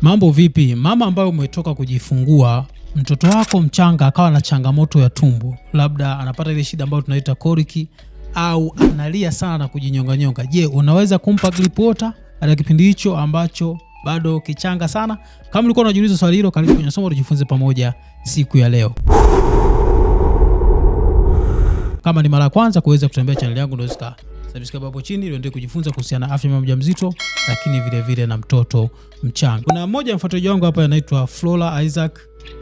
Mambo vipi, mama ambayo umetoka kujifungua, mtoto wako mchanga akawa na changamoto ya tumbo, labda anapata ile shida ambayo tunaita koriki au analia sana na kujinyonganyonga. Je, unaweza kumpa gripe water katika kipindi hicho ambacho bado kichanga sana? Kama ulikuwa unajiuliza swali hilo, karibu kwenye somo tujifunze pamoja siku ya leo. Kama ni mara ya kwanza kuweza kutembea chaneli yangu, ndio subscribe hapo chini ili uendelee kujifunza kuhusiana na afya mama mjamzito, lakini vile vile na mtoto mchanga. Kuna mmoja mfuatiliaji wangu hapa anaitwa Flora Isaac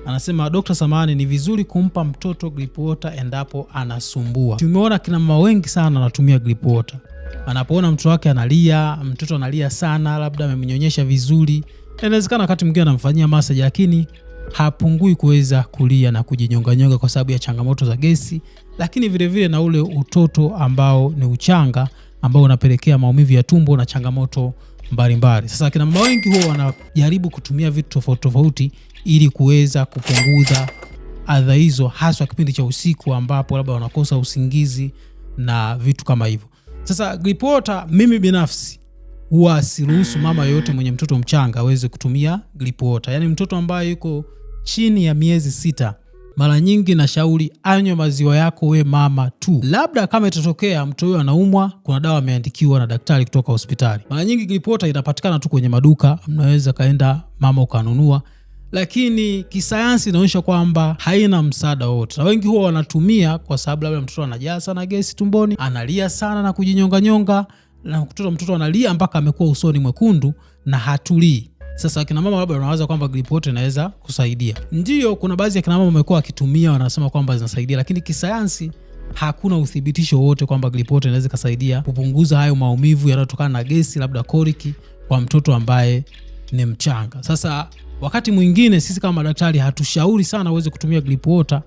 anasema Dokta Samani, ni vizuri kumpa mtoto Grip Water endapo anasumbua. Tumeona kina mama wengi sana wanatumia Grip Water anapoona mtoto wake analia, mtoto analia sana, labda amemnyonyesha vizuri, inawezekana wakati mwingine anamfanyia massage, lakini hapungui kuweza kulia na kujinyonganyonga kwa sababu ya changamoto za gesi lakini vilevile na ule utoto ambao ni uchanga ambao unapelekea maumivu ya tumbo na changamoto mbalimbali. Sasa kina mama wengi huwa wanajaribu kutumia vitu tofauti tofauti ili kuweza kupunguza adha hizo, haswa kipindi cha usiku ambapo labda wanakosa usingizi na vitu kama hivyo. Sasa Glypwota, mimi binafsi huwa siruhusu mama yoyote mwenye mtoto mchanga aweze kutumia Glypwota, yaani mtoto ambaye yuko chini ya miezi sita mara nyingi nashauri anywe maziwa yako we mama tu. Labda kama itatokea mtu huyo anaumwa, kuna dawa ameandikiwa na daktari kutoka hospitali. Mara nyingi Glypota inapatikana tu kwenye maduka, mnaweza kaenda mama ukanunua, lakini kisayansi inaonyesha kwamba haina msaada wowote, na wengi huwa wanatumia kwa sababu labda mtoto anajaa sana gesi tumboni, analia sana na kujinyonganyonga, na kutoto mtoto analia mpaka amekuwa usoni mwekundu na hatulii. Sasa akina mama labda wanawaza kwamba gripu inaweza kusaidia. ndio kuna baadhi ya kinamama mama wamekuwa wakitumia, wanasema kwamba zinasaidia, lakini kisayansi hakuna uthibitisho wote kwamba gripu inaweza ikasaidia kupunguza hayo maumivu yanayotokana na gesi labda koriki kwa mtoto ambaye ni mchanga. Sasa wakati mwingine sisi kama madaktari hatushauri sana uweze kutumia gripu water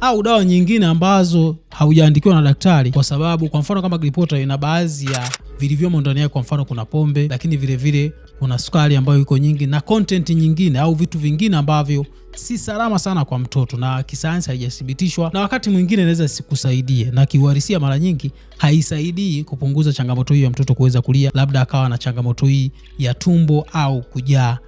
au dawa nyingine ambazo haujaandikiwa na daktari, kwa sababu kwa mfano kama gripu water ina baadhi ya vilivyomo ndani yake. Kwa mfano kuna pombe, lakini vilevile kuna sukari ambayo iko nyingi na content nyingine au vitu vingine ambavyo si salama sana kwa mtoto na kisayansi haijathibitishwa, na wakati mwingine inaweza sikusaidie, na kiuhalisia mara nyingi haisaidii kupunguza changamoto hii ya mtoto kuweza kulia, labda akawa na changamoto hii ya tumbo au kujaa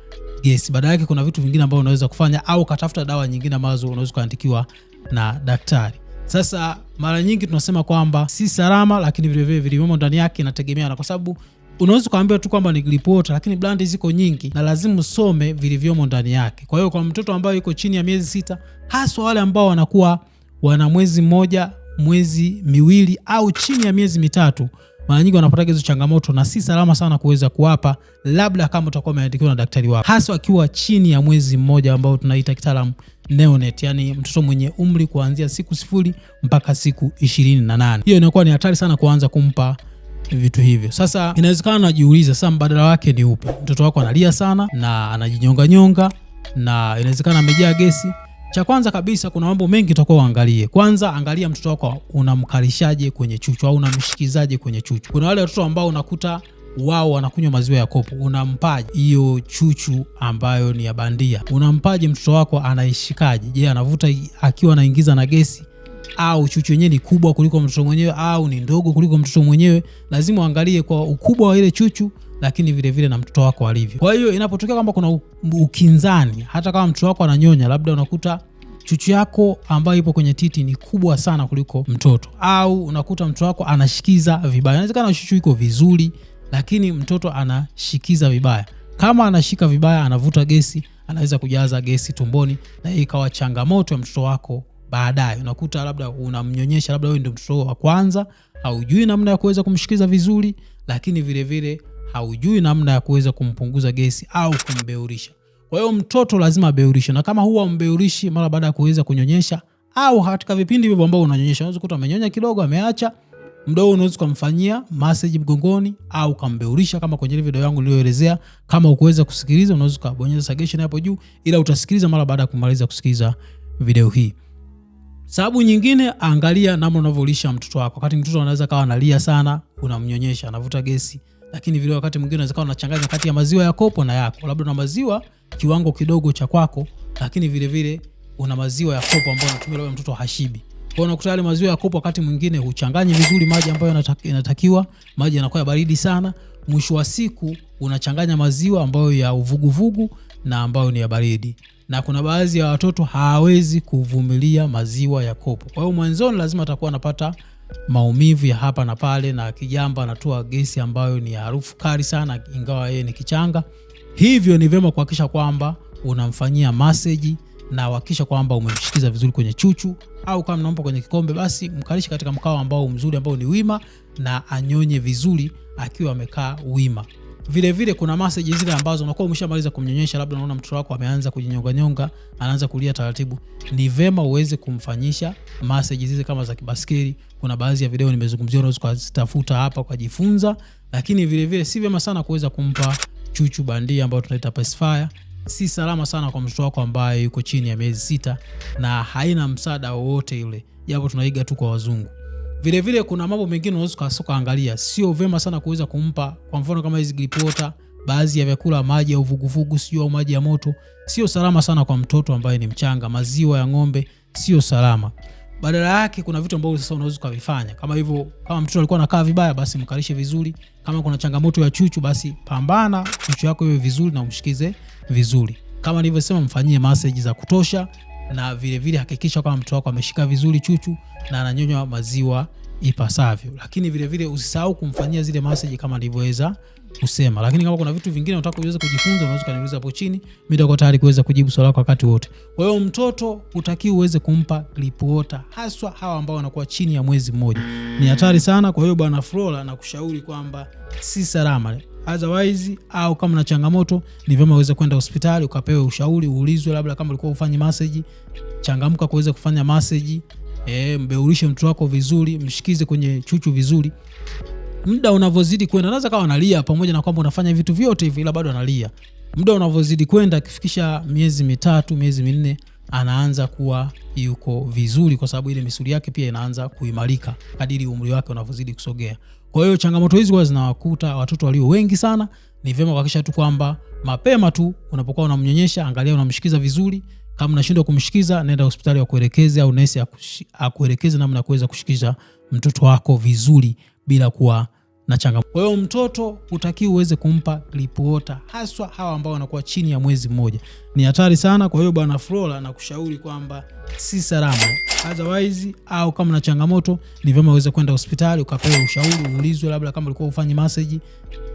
gesi. Baada yake kuna vitu vingine ambavyo unaweza kufanya, au katafuta dawa nyingine ambazo unaweza kuandikiwa na daktari. Sasa mara nyingi tunasema kwamba si salama, lakini vilevile vilivyomo ndani yake inategemeana, kwa sababu unaweza ukaambiwa tu kwamba ni glipota, lakini brandi ziko nyingi na lazima usome vilivyomo ndani yake. Kwa hiyo kwa mtoto ambaye yuko chini ya miezi sita, haswa wale ambao wanakuwa wana mwezi mmoja, mwezi miwili au chini ya miezi mitatu mara nyingi wanapata hizo changamoto na si salama sana kuweza kuwapa, labda kama utakuwa umeandikiwa na daktari wako, hasa akiwa chini ya mwezi mmoja ambao tunaita kitaalamu neonate, yani mtoto mwenye umri kuanzia siku sifuri mpaka siku ishirini na nane. Hiyo inakuwa ni hatari sana kuanza kumpa vitu hivyo. Sasa inawezekana najiuliza, sasa mbadala wake ni upi? Mtoto wako analia sana na anajinyonganyonga na inawezekana amejaa gesi cha kwanza kabisa, kuna mambo mengi utakuwa uangalie. Kwanza angalia mtoto wako unamkalishaje kwenye chuchu au unamshikizaje kwenye chuchu. Kuna wale watoto ambao unakuta wao wanakunywa maziwa ya kopo, unampaje hiyo chuchu ambayo ni ya bandia? Unampaje mtoto wako, anaishikaje? Je, anavuta akiwa anaingiza na gesi au chuchu yenyewe ni kubwa kuliko mtoto mwenyewe au ni ndogo kuliko mtoto mwenyewe. Lazima uangalie kwa ukubwa wa ile chuchu, lakini vile vile na mtoto wako alivyo. Kwa hiyo inapotokea kwamba kuna ukinzani, hata kama mtoto wako ananyonya, labda unakuta chuchu yako ambayo ipo kwenye titi ni kubwa sana kuliko mtoto, au unakuta mtoto wako anashikiza vibaya. Inawezekana chuchu iko vizuri, lakini mtoto anashikiza vibaya. Kama anashika vibaya, anavuta gesi, anaweza kujaza gesi tumboni, na hii ikawa changamoto ya mtoto wako baadaye. Unakuta labda unamnyonyesha, labda wewe ndio mtoto wa kwanza, haujui namna ya kuweza kumshikiza vizuri, lakini vile vile haujui namna ya kuweza kumpunguza gesi au kumbeurisha. Kwa hiyo mtoto lazima abeurishe, na kama huwa umbeurishi mara baada ya kuweza kunyonyesha au katika vipindi hivyo ambao unanyonyesha, unaweza kuta amenyonya kidogo, ameacha mdogo, unaweza kumfanyia message mgongoni au kambeurisha, kama kwenye video yangu niliyoelezea. Kama ukuweza kusikiliza, unaweza kubonyeza suggestion hapo juu, ila utasikiliza mara baada ya kumaliza kusikiliza video hii. Sababu nyingine, angalia namna unavyolisha mtoto wako. Wakati mtoto anaweza kawa analia sana, unamnyonyesha, anavuta gesi, lakini vile wakati mwingine unaweza kawa unachanganya kati ya maziwa ya kopo na yako, labda na maziwa kiwango kidogo cha kwako, lakini vile vile una maziwa ya kopo ambayo unatumia, labda mtoto hashibi. Kwa hiyo unakuta yale maziwa ya kopo wakati mwingine huchanganyi vizuri maji ambayo yanatakiwa, maji yanakuwa ya baridi sana. Mwisho wa siku unachanganya maziwa ambayo ya uvuguvugu na ambayo ni ya baridi, na kuna baadhi ya watoto hawawezi kuvumilia maziwa ya kopo. Kwa hiyo mwanzoni lazima atakuwa anapata maumivu ya hapa na pale, na kijamba anatoa gesi ambayo ni harufu kali sana, ingawa yeye ni kichanga. Hivyo ni vyema kuhakikisha kwamba unamfanyia maseji na uhakikisha kwamba umemshikiza vizuri kwenye chuchu au kama mnampa kwenye kikombe, basi mkalishe katika mkao ambao mzuri, ambao ni wima, na anyonye vizuri akiwa amekaa wima. Vile vile kuna message zile ambazo unakuwa umeshamaliza kumnyonyesha, labda unaona mtoto wako ameanza kujinyonga nyonga, anaanza kulia taratibu, ni vema uweze kumfanyisha message zile kama za kibaskeli. Kuna baadhi ya video nimezungumzia, unaweza kuzitafuta hapa kujifunza. Lakini vile vile si vema sana kuweza kumpa chuchu bandia ambayo tunaita pacifier. Si salama sana kwa mtoto wako ambaye yuko chini ya miezi sita na haina msaada wowote yule, japo tunaiga tu kwa wazungu. Vile vile kuna mambo mengine unaweza ukaangalia, sio vema sana kuweza kumpa, kwa mfano kama hizi grip water, baadhi ya vyakula, maji ya uvuguvugu, sio au maji ya moto, sio salama sana kwa mtoto ambaye ni mchanga. Maziwa ya ng'ombe sio salama. Badala yake kuna vitu ambavyo sasa unaweza kuvifanya kama hivyo. Kama mtoto alikuwa anakaa vibaya, basi mkalishe vizuri. Kama kuna changamoto ya chuchu, basi pambana chuchu yako iwe vizuri na umshikize vizuri. Kama nilivyosema, mfanyie massage za kutosha, na vilevile hakikisha kwamba mtoto wako ameshika vizuri chuchu na ananyonywa maziwa ipasavyo, lakini vilevile usisahau kumfanyia zile massage kama nilivyoweza kusema. Lakini kama kuna vitu vingine unataka kuweza kujifunza, unaweza kuniuliza hapo chini, mimi niko tayari kuweza kujibu swali lako wakati wote. Kwa hiyo mtoto utaki uweze kumpa clip water, haswa hawa ambao wanakuwa chini ya mwezi mmoja, ni hatari sana. Kwa hiyo bwana Flora, nakushauri kwamba si salama otherwise, au kama na changamoto, ni vyema uweze kwenda hospitali ukapewe ushauri, uulizwe, labda kama ulikuwa ufanye message changamka kuweza kufanya message E, eh, mbeulishe mtoto wako vizuri, mshikize kwenye chuchu vizuri. Muda unavozidi kwenda, anaweza kawa analia, pamoja na kwamba unafanya vitu vyote hivi, ila bado analia. Muda unavozidi kwenda, akifikisha miezi mitatu, miezi minne anaanza kuwa yuko vizuri, kwa sababu ile misuli yake pia inaanza kuimarika kadiri umri wake unavyozidi kusogea. Kwa hiyo changamoto hizi huwa zinawakuta watoto walio wengi sana. Ni vyema kuhakikisha tu kwamba mapema tu unapokuwa unamnyonyesha, angalia unamshikiza vizuri. Kama unashindwa kumshikiza, nenda hospitali wakuelekeze, au nesi akuelekeze namna ya kuweza kushikiza mtoto wako vizuri bila kuwa na changamoto. Kwa hiyo mtoto hutakiwi uweze kumpa clip water, haswa hawa ambao wanakuwa chini ya mwezi mmoja, ni hatari sana. Kwa hiyo bwana Flora nakushauri kwamba si salama otherwise, au kama na changamoto, ni vyema uweze kwenda hospitali ukapewa ushauri, uulizwe labda kama ulikuwa ufanye message,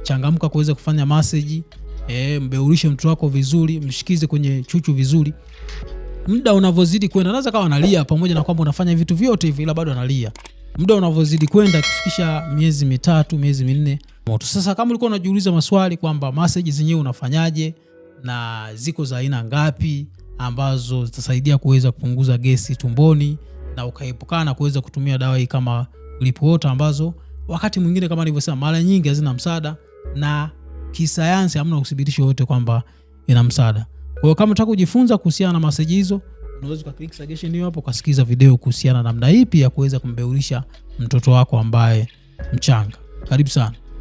changamka kuweza kufanya message. E, eh, mbeulishe mtoto wako vizuri, mshikize kwenye chuchu vizuri. Muda unavyozidi kwenda, anaweza kawa analia, pamoja na kwamba unafanya vitu vyote hivi, ila bado analia muda unavyozidi kwenda, akifikisha miezi mitatu, miezi minne moto. Sasa kama ulikuwa unajiuliza maswali kwamba message zenyewe unafanyaje na ziko za aina ngapi ambazo zitasaidia kuweza kupunguza gesi tumboni na ukaepukana na kuweza kutumia dawa hii kama Lip Water ambazo wakati mwingine kama nilivyosema, mara nyingi hazina msaada na kisayansi hamna uthibitisho wote kwamba ina msaada. Kwa hiyo kama unataka kujifunza kuhusiana na message hizo unaweza kwa click suggestion hiyo hapo kasikiza video kuhusiana namna ipi ya kuweza kumbeulisha mtoto wako ambaye mchanga. Karibu sana.